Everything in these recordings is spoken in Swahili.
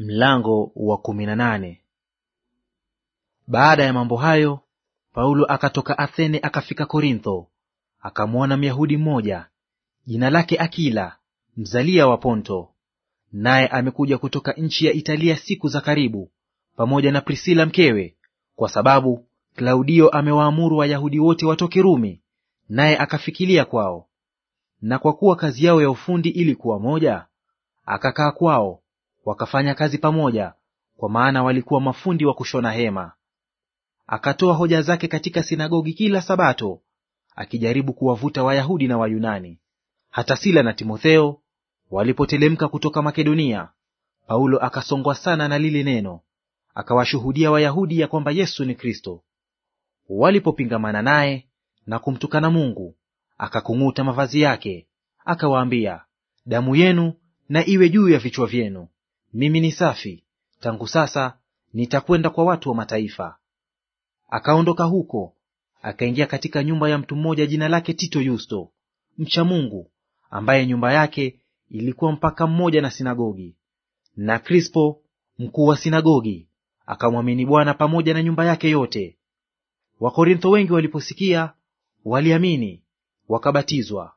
Mlango wa kumi na nane. Baada ya mambo hayo, Paulo akatoka Athene akafika Korintho, akamwona Myahudi mmoja jina lake Akila, mzalia wa Ponto, naye amekuja kutoka nchi ya Italia siku za karibu, pamoja na Prisila mkewe, kwa sababu Klaudio amewaamuru Wayahudi wote watoke Rumi, naye akafikilia kwao. Na kwa kuwa kazi yao ya ufundi ilikuwa moja, akakaa kwao wakafanya kazi pamoja, kwa maana walikuwa mafundi wa kushona hema. Akatoa hoja zake katika sinagogi kila Sabato, akijaribu kuwavuta Wayahudi na Wayunani. Hata Sila na Timotheo walipotelemka kutoka Makedonia, Paulo akasongwa sana na lile neno, akawashuhudia Wayahudi ya kwamba Yesu ni Kristo. Walipopingamana naye na kumtukana Mungu, akakung'uta mavazi yake, akawaambia, damu yenu na iwe juu ya vichwa vyenu mimi ni safi, tangu sasa nitakwenda kwa watu wa mataifa. Akaondoka huko akaingia katika nyumba ya mtu mmoja jina lake Tito Yusto, mcha Mungu, ambaye nyumba yake ilikuwa mpaka mmoja na sinagogi. Na Krispo mkuu wa sinagogi akamwamini Bwana pamoja na nyumba yake yote. Wakorintho wengi waliposikia waliamini, wakabatizwa.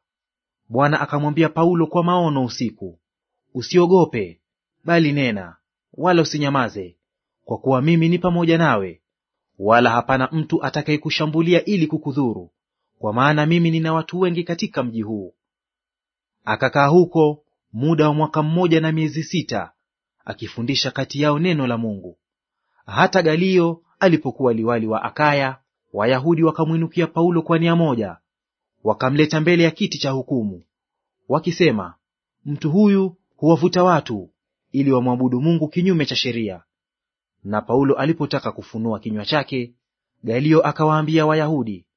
Bwana akamwambia Paulo kwa maono usiku, usiogope, bali nena, wala usinyamaze, kwa kuwa mimi ni pamoja nawe, wala hapana mtu atakayekushambulia ili kukudhuru, kwa maana mimi nina watu wengi katika mji huu. Akakaa huko muda wa mwaka mmoja na miezi sita, akifundisha kati yao neno la Mungu. Hata Galio alipokuwa liwali wa Akaya, Wayahudi wakamwinukia Paulo kwa nia moja, wakamleta mbele ya kiti cha hukumu, wakisema, mtu huyu huwavuta watu ili wamwabudu Mungu kinyume cha sheria. Na Paulo alipotaka kufunua kinywa chake, Galio akawaambia Wayahudi,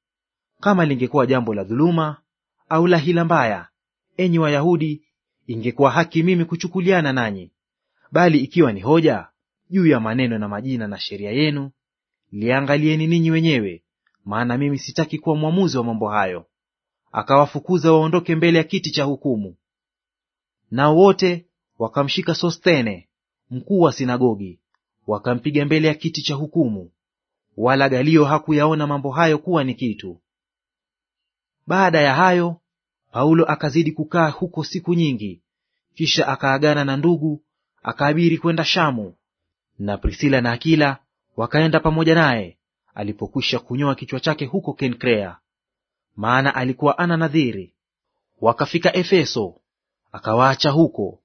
kama lingekuwa jambo la dhuluma au la hila mbaya, enyi Wayahudi, ingekuwa haki mimi kuchukuliana nanyi; bali ikiwa ni hoja juu ya maneno na majina na sheria yenu, liangalieni ninyi wenyewe, maana mimi sitaki kuwa mwamuzi wa mambo hayo. Akawafukuza waondoke mbele ya kiti cha hukumu. Nao wote Wakamshika Sostene mkuu wa sinagogi, wakampiga mbele ya kiti cha hukumu, wala Galio hakuyaona mambo hayo kuwa ni kitu. Baada ya hayo Paulo akazidi kukaa huko siku nyingi, kisha akaagana na ndugu, akaabiri kwenda Shamu, na Prisila na Akila wakaenda pamoja naye, alipokwisha kunyoa kichwa chake huko Kenkrea, maana alikuwa ana nadhiri. Wakafika Efeso, akawaacha huko,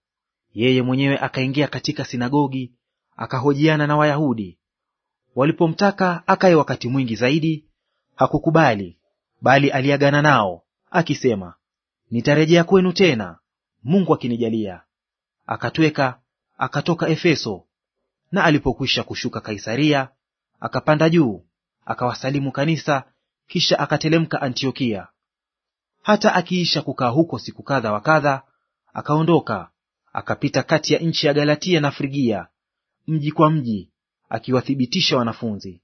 yeye mwenyewe akaingia katika sinagogi akahojiana na Wayahudi. Walipomtaka akaye wakati mwingi zaidi, hakukubali, bali aliagana nao akisema, nitarejea kwenu tena, Mungu akinijalia. Akatweka akatoka Efeso, na alipokwisha kushuka Kaisaria akapanda juu akawasalimu kanisa, kisha akatelemka Antiokia. Hata akiisha kukaa huko siku kadha wa kadha, akaondoka akapita kati ya nchi ya Galatia na Frigia, mji kwa mji, akiwathibitisha wanafunzi.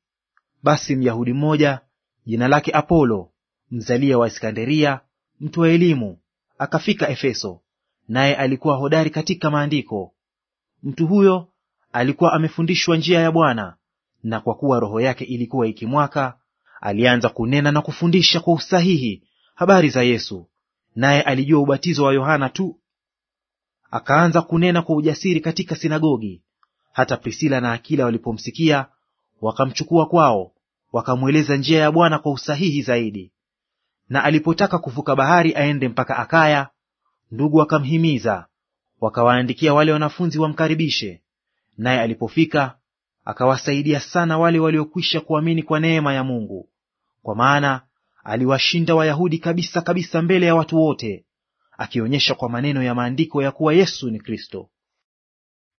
Basi Myahudi mmoja jina lake Apolo, mzalia wa Iskanderia, mtu wa elimu, akafika Efeso, naye alikuwa hodari katika maandiko. Mtu huyo alikuwa amefundishwa njia ya Bwana, na kwa kuwa roho yake ilikuwa ikimwaka, alianza kunena na kufundisha kwa usahihi habari za Yesu. Naye alijua ubatizo wa Yohana tu akaanza kunena kwa ujasiri katika sinagogi. Hata Prisila na Akila walipomsikia wakamchukua kwao, wakamweleza njia ya Bwana kwa usahihi zaidi. Na alipotaka kuvuka bahari aende mpaka Akaya, ndugu wakamhimiza, wakawaandikia wale wanafunzi wamkaribishe. Naye alipofika akawasaidia sana wale waliokwisha kuamini kwa neema ya Mungu, kwa maana aliwashinda Wayahudi kabisa kabisa mbele ya watu wote, akionyesha kwa maneno ya maandiko ya kuwa Yesu ni Kristo.